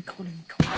למיקרו למיקרו.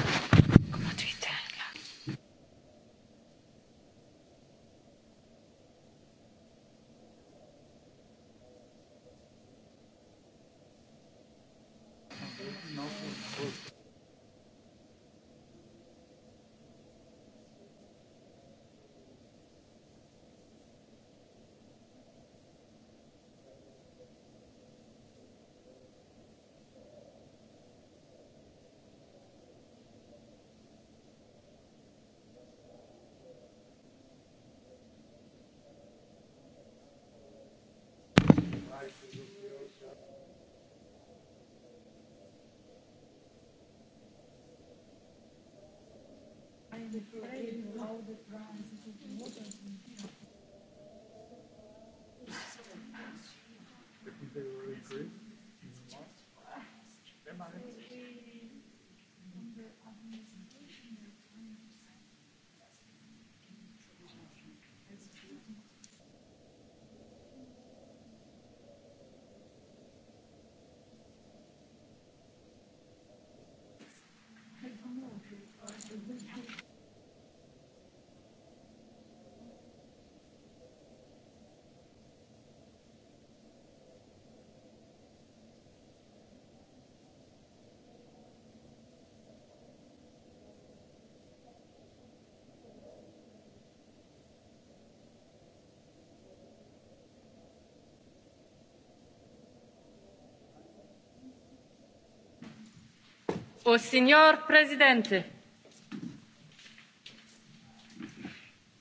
O signor Presidente.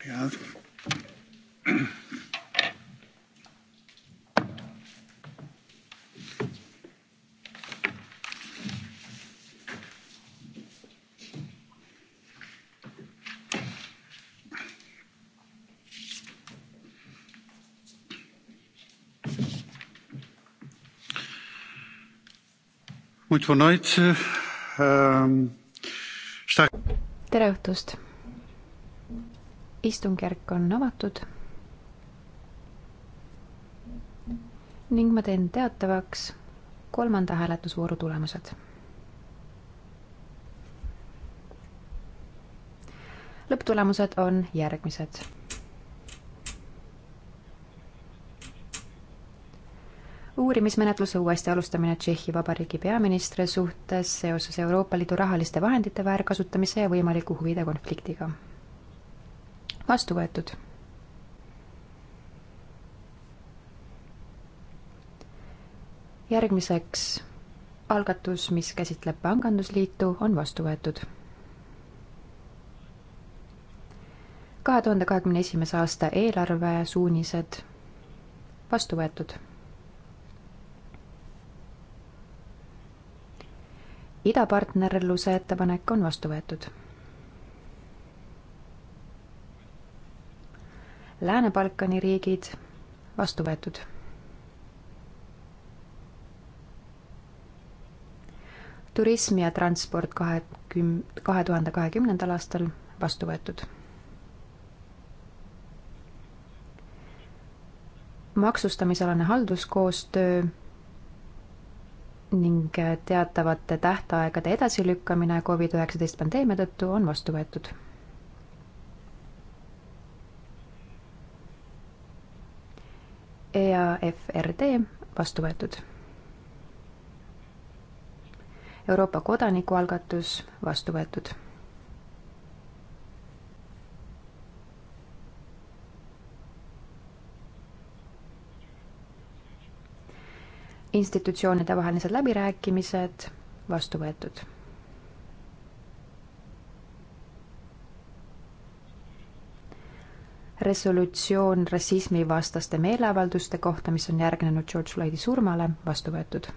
Ja. Muito boa noite. Ähm, tere õhtust! istungjärk on avatud. ning ma teen teatavaks kolmanda hääletusvooru tulemused. lõpptulemused on järgmised uurimismenetluse uuesti alustamine Tšehhi Vabariigi peaministri suhtes seoses Euroopa Liidu rahaliste vahendite väärkasutamise ja võimaliku huvide konfliktiga. vastu võetud. järgmiseks algatus, mis käsitleb Pangandusliitu, on vastu võetud. kahe tuhande kahekümne esimese aasta eelarve suunised vastu võetud idapartnerluse ettepanek on vastu võetud. Lääne-Balkani riigid vastu võetud. turism ja transport kahe küm-, kahe tuhande kahekümnendal aastal vastu võetud. maksustamisalane halduskoostöö ning teatavate tähtaegade edasilükkamine Covid-19 pandeemia tõttu on vastu võetud. EAFRD vastu võetud. Euroopa kodanikualgatus vastu võetud institutsioonide vahelised läbirääkimised vastu võetud. resolutsioon rassismivastaste meeleavalduste kohta, mis on järgnenud George Floydi surmale, vastu võetud.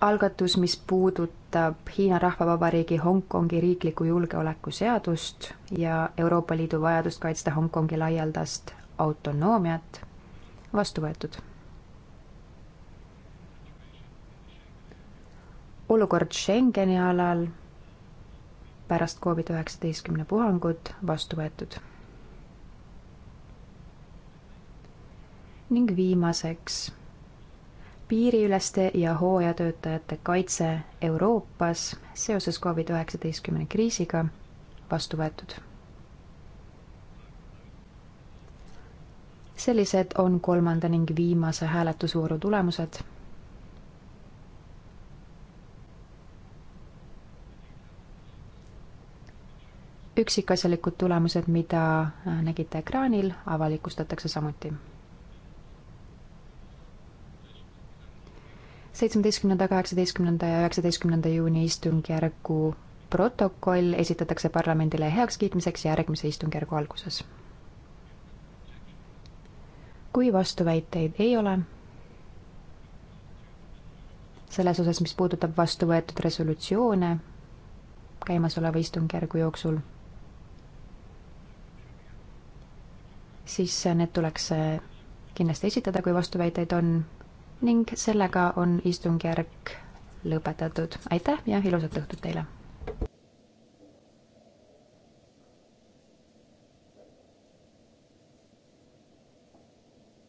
algatus, mis puudutab Hiina Rahvavabariigi Hongkongi riikliku julgeoleku seadust ja Euroopa Liidu vajadust kaitsta Hongkongi laialdast autonoomiat vastu võetud. olukord Schengeni alal pärast Covid üheksateistkümne puhangut vastu võetud. ning viimaseks piiriüleste ja hooajatöötajate kaitse Euroopas seoses Covid üheksateistkümne kriisiga vastu võetud sellised on kolmanda ning viimase hääletusvooru tulemused. üksikasjalikud tulemused, mida nägite ekraanil, avalikustatakse samuti. seitsmeteistkümnenda, kaheksateistkümnenda ja üheksateistkümnenda juuni istungjärgu protokoll esitatakse parlamendile heakskiitmiseks järgmise istungjärgu alguses kui vastuväiteid ei ole, selles osas, mis puudutab vastu võetud resolutsioone käimasoleva istungjärgu jooksul, siis need tuleks kindlasti esitada, kui vastuväiteid on ning sellega on istungjärk lõpetatud. aitäh ja ilusat õhtut teile!